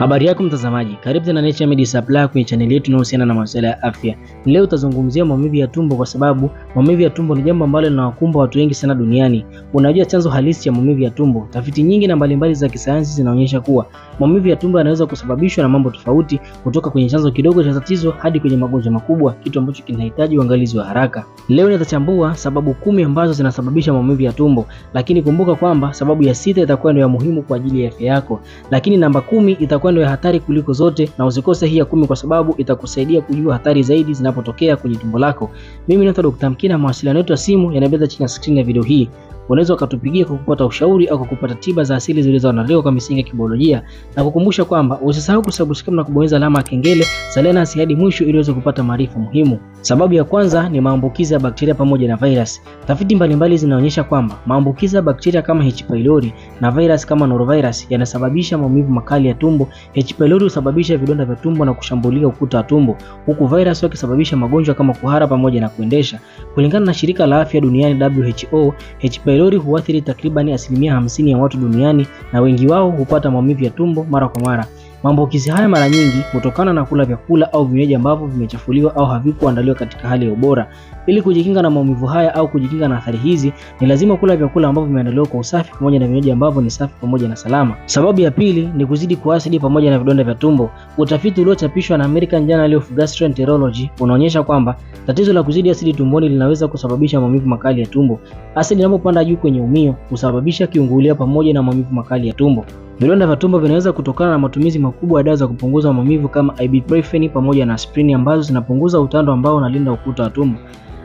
Habari yako mtazamaji, karibu tena Nature Med Supply kwenye chaneli yetu inayohusiana na masuala ya afya. Leo tutazungumzia maumivu ya tumbo, kwa sababu maumivu ya tumbo ni jambo ambalo linawakumba watu wengi sana duniani. Unajua chanzo halisi cha maumivu ya tumbo? Tafiti nyingi na mbalimbali za kisayansi zinaonyesha kuwa maumivu ya tumbo yanaweza kusababishwa na mambo tofauti, kutoka kwenye chanzo kidogo cha tatizo hadi kwenye magonjwa makubwa, kitu ambacho kinahitaji uangalizi wa haraka. Leo nitachambua sababu kumi ambazo zinasababisha maumivu ya tumbo, lakini kumbuka kwamba sababu ya sita itakuwa ndio ya muhimu kwa ajili ya afya yako, lakini namba kumi itakuwa mfano ya hatari kuliko zote, na usikose hii ya kumi kwa sababu itakusaidia kujua hatari zaidi zinapotokea kwenye tumbo lako. Mimi naitwa Dr. Mkina, mawasiliano yetu ya simu yanabeza chini ya screen ya video hii. Unaweza ukatupigia kwa kupata ushauri au kwa kupata tiba za asili zilizoandaliwa kwa misingi ya kibiolojia, na kukumbusha kwamba usisahau kusubscribe na kubonyeza alama ya kengele. Salia nasi hadi mwisho ili uweze kupata maarifa muhimu. Sababu ya kwanza ni maambukizi ya bakteria pamoja na virus. Tafiti mbalimbali zinaonyesha kwamba maambukizi ya bakteria kama H pylori na virus kama norovirus yanasababisha maumivu makali ya tumbo. H pylori husababisha vidonda vya tumbo na kushambulia ukuta wa tumbo, huku virus wakisababisha magonjwa kama kuhara pamoja na kuendesha. Kulingana na shirika la afya duniani WHO, H pylori Malori huathiri takribani asilimia hamsini ya watu duniani na wengi wao hupata maumivu ya tumbo mara kwa mara. Maambukizi haya mara nyingi hutokana na kula vyakula au vinywaji ambavyo vimechafuliwa au havikuandaliwa katika hali ya ubora. Ili kujikinga na maumivu haya au kujikinga na athari hizi, ni lazima kula vyakula ambavyo vimeandaliwa kwa usafi pamoja na vinywaji ambavyo ni safi pamoja na salama. Sababu ya pili ni kuzidi kwa asidi pamoja na vidonda vya tumbo. Utafiti uliochapishwa na American Journal of Gastroenterology unaonyesha kwamba tatizo la kuzidi asidi tumboni linaweza kusababisha maumivu makali ya tumbo. Asidi inapopanda juu kwenye umio husababisha kiungulia pamoja na maumivu makali ya tumbo. Vidonda vya tumbo vinaweza kutokana na matumizi makubwa ya dawa za kupunguza maumivu kama ibuprofen pamoja na aspirin ambazo zinapunguza utando ambao unalinda ukuta wa tumbo.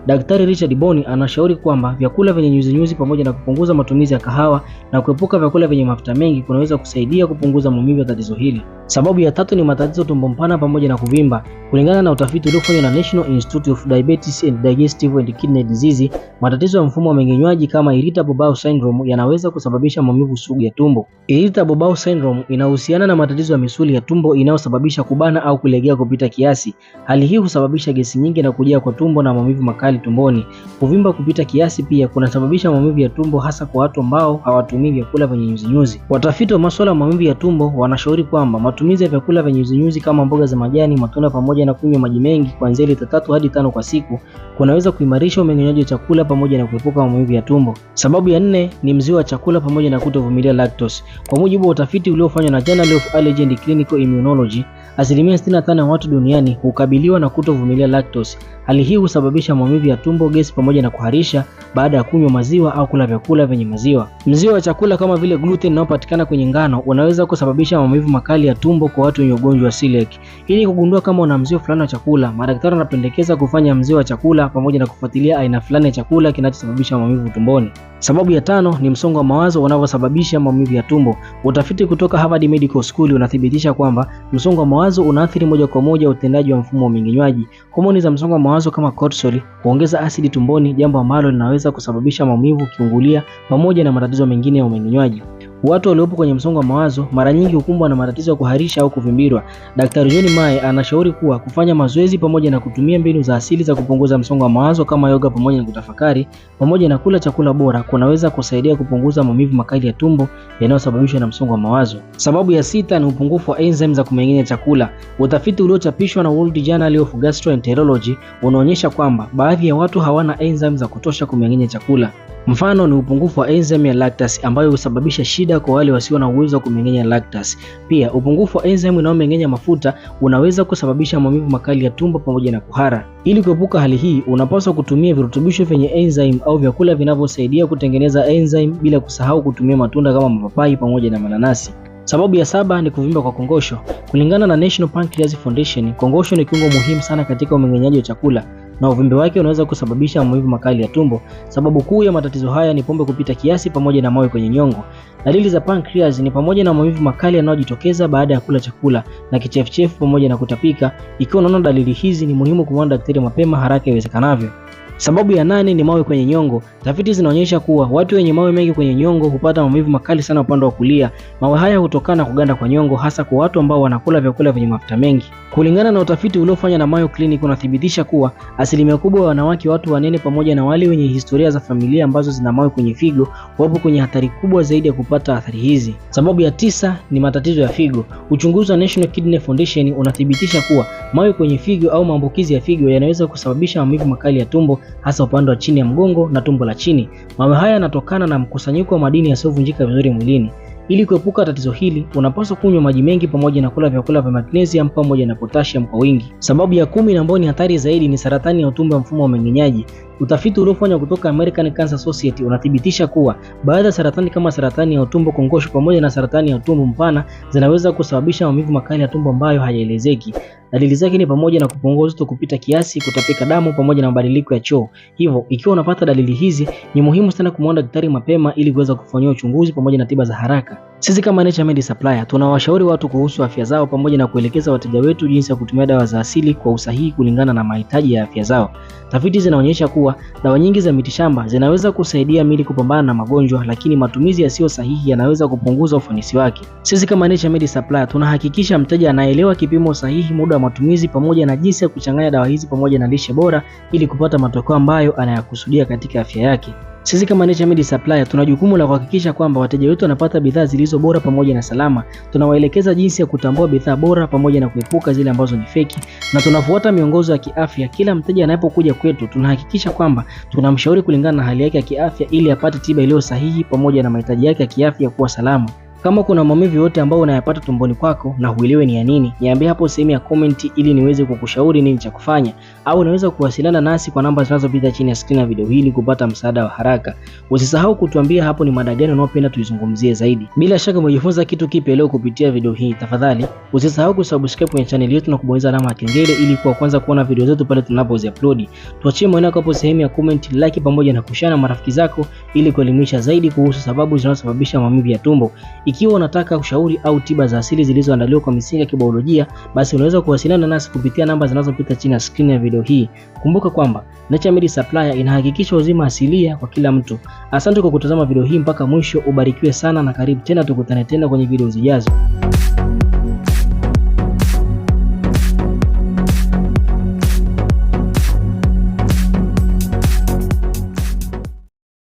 Daktari Richard Boni anashauri kwamba vyakula vyenye nyuzinyuzi pamoja na kupunguza matumizi ya kahawa na kuepuka vyakula vyenye mafuta mengi kunaweza kusaidia kupunguza maumivu ya tatizo hili. Sababu ya tatu ni matatizo tumbo mpana pamoja na kuvimba. Kulingana na utafiti uliofanywa na National Institute of Diabetes and Digestive and Kidney Disease, matatizo ya mfumo wa mmeng'enyaji kama irritable bowel syndrome yanaweza kusababisha maumivu sugu ya tumbo. Irritable bowel syndrome inahusiana na matatizo ya misuli ya tumbo inayosababisha kubana au kulegea kupita kiasi. Hali hii husababisha gesi nyingi na kujaa kwa tumbo na maumivu makali mbalimbali tumboni. Kuvimba kupita kiasi pia kunasababisha maumivu ya tumbo, hasa kwa watu ambao hawatumii vyakula vyenye nyuzinyuzi. Watafiti wa masuala ya maumivu ya tumbo wanashauri kwamba matumizi ya vyakula vyenye nyuzinyuzi kama mboga za majani, matunda pamoja na kunywa maji mengi kuanzia lita tatu hadi tano kwa siku kunaweza kuimarisha umeng'enyaji wa chakula pamoja na kuepuka maumivu ya tumbo. Sababu ya nne ni mzio wa chakula pamoja na kutovumilia lactose. Kwa mujibu wa utafiti uliofanywa na Journal of Allergy and Clinical Immunology Asilimia 65 ya watu duniani hukabiliwa na kutovumilia lactose. Hali hii husababisha maumivu ya tumbo, gesi pamoja na kuharisha baada ya kunywa maziwa au kula vyakula vyenye maziwa. Mziwa wa chakula kama vile gluten unaopatikana kwenye ngano unaweza kusababisha maumivu makali ya tumbo kwa watu wenye ugonjwa wa celiac. Ili kugundua kama una mzio fulani wa chakula, madaktari wanapendekeza kufanya mzio wa chakula pamoja na kufuatilia aina fulani ya chakula kinachosababisha maumivu tumboni. Sababu ya tano ni msongo wa mawazo unavyosababisha maumivu ya tumbo. Utafiti kutoka Harvard Medical School unathibitisha kwamba msongo wa mawazo mawazo unaathiri moja kwa moja utendaji wa mfumo wa mmeng'enywaji. Homoni za msongo wa mawazo kama cortisol huongeza asidi tumboni, jambo ambalo linaweza kusababisha maumivu, kiungulia, pamoja na matatizo mengine ya umeng'enywaji. Watu waliopo kwenye msongo wa mawazo mara nyingi hukumbwa na matatizo ya kuharisha au kuvimbirwa. Daktari John Mae anashauri kuwa kufanya mazoezi pamoja na kutumia mbinu za asili za kupunguza msongo wa mawazo kama yoga pamoja na kutafakari pamoja na kula chakula bora kunaweza kusaidia kupunguza maumivu makali ya tumbo yanayosababishwa na msongo wa mawazo. Sababu ya sita ni upungufu wa enzyme za kumeng'enya chakula. Utafiti uliochapishwa na World Journal of Gastroenterology unaonyesha kwamba baadhi ya watu hawana enzyme za kutosha kumeng'enya chakula. Mfano ni upungufu wa enzyme ya lactase ambayo husababisha shida kwa wale wasio na uwezo wa kumeng'enya lactase. Pia upungufu wa enzyme inayomeng'enya mafuta unaweza kusababisha maumivu makali ya tumbo pamoja na kuhara. Ili kuepuka hali hii, unapaswa kutumia virutubisho vyenye enzyme au vyakula vinavyosaidia kutengeneza enzyme, bila kusahau kutumia matunda kama mapapai pamoja na mananasi. Sababu ya saba ni kuvimba kwa kongosho. Kulingana na National Pancreas Foundation, kongosho ni kiungo muhimu sana katika umeng'enyaji wa chakula na uvimbe wake unaweza kusababisha maumivu makali ya tumbo. Sababu kuu ya matatizo haya ni pombe kupita kiasi pamoja na mawe kwenye nyongo. Dalili za pancreas ni pamoja na maumivu makali yanayojitokeza baada ya kula chakula na kichefuchefu pamoja na kutapika. Ikiwa unaona dalili hizi, ni muhimu kumwona daktari mapema haraka iwezekanavyo. Sababu ya nane ni mawe kwenye nyongo. Tafiti zinaonyesha kuwa watu wenye mawe mengi kwenye nyongo hupata maumivu makali sana upande wa kulia. Mawe haya hutokana na kuganda kwa nyongo, hasa kwa watu ambao wanakula vyakula vyenye mafuta mengi. Kulingana na utafiti uliofanywa na Mayo Clinic, unathibitisha kuwa asilimia kubwa ya wanawake, watu wanene, pamoja na wale wenye historia za familia ambazo zina mawe kwenye figo wapo kwenye hatari kubwa zaidi ya kupata athari hizi. Sababu ya tisa ni matatizo ya figo. Uchunguzi wa National Kidney Foundation unathibitisha kuwa mawe kwenye figo au maambukizi ya figo yanaweza kusababisha maumivu makali ya tumbo hasa upande wa chini ya mgongo na tumbo la chini. Mawe haya yanatokana na mkusanyiko wa madini yasiyovunjika vizuri mwilini. Ili kuepuka tatizo hili, unapaswa kunywa maji mengi pamoja na kula vyakula vya magnesium pamoja na potassium kwa wingi. Sababu ya kumi na ambayo ni hatari zaidi ni saratani ya utumbo wa mfumo wa mmeng'enyaji. Utafiti uliofanywa kutoka American Cancer Society unathibitisha kuwa baadhi ya saratani kama saratani ya utumbo kongosho pamoja na saratani ya utumbo mpana zinaweza kusababisha maumivu makali ya tumbo ambayo hayaelezeki. Dalili zake ni pamoja na kupungua uzito kupita kiasi, kutapika damu pamoja na mabadiliko ya choo. Hivyo, ikiwa unapata dalili hizi, ni muhimu sana kumwona daktari mapema ili kuweza kufanyiwa uchunguzi pamoja na tiba za haraka. Sisi kama Naturemed Supplier tunawashauri watu kuhusu afya zao pamoja na kuelekeza wateja wetu jinsi ya kutumia dawa za asili kwa usahihi kulingana na mahitaji ya afya zao. Tafiti zinaonyesha kuwa dawa nyingi za mitishamba zinaweza kusaidia mili kupambana na magonjwa, lakini matumizi yasiyo sahihi yanaweza kupunguza ufanisi wake. Sisi kama Naturemed Supplier tunahakikisha mteja anaelewa kipimo sahihi, muda wa matumizi, pamoja na jinsi ya kuchanganya dawa hizi pamoja na lishe bora ili kupata matokeo ambayo anayakusudia katika afya yake. Sisi kama Naturemed Supplier tuna jukumu la kuhakikisha kwamba wateja wetu wanapata bidhaa zilizo bora pamoja na salama. Tunawaelekeza jinsi ya kutambua bidhaa bora pamoja na kuepuka zile ambazo ni feki, na tunafuata miongozo ya kiafya. Kila mteja anapokuja kwetu, tunahakikisha kwamba tunamshauri kulingana na hali yake ya kiafya ili apate tiba iliyo sahihi pamoja na mahitaji yake ya kiafya kuwa salama. Kama kuna maumivu yote ambayo unayapata tumboni kwako na huelewe ni ya nini, niambie hapo sehemu ya comment ili niweze kukushauri nini cha kufanya, au unaweza kuwasiliana nasi kwa namba zinazopita chini ya screen ya video hii kupata msaada wa haraka. Usisahau kutuambia hapo ni mada gani unayopenda tuizungumzie zaidi. Bila shaka umejifunza kitu kipya leo kupitia video hii. Tafadhali usisahau kusubscribe kwenye channel yetu na kubonyeza alama ya kengele ili kuwa kwanza kuona video zetu pale tunapozi upload. Tuachie maoni yako hapo sehemu ya comment, like pamoja na kushare na marafiki zako ili kuelimisha zaidi kuhusu sababu zinazosababisha maumivu ya tumbo. Ikiwa unataka ushauri au tiba za asili zilizoandaliwa kwa misingi ya kibiolojia, basi unaweza kuwasiliana nasi kupitia namba zinazopita chini ya skrini ya video hii. Kumbuka kwamba Naturemed Supplies inahakikisha uzima asilia kwa kila mtu. Asante kwa kutazama video hii mpaka mwisho, ubarikiwe sana na karibu tena, tukutane tena kwenye video zijazo.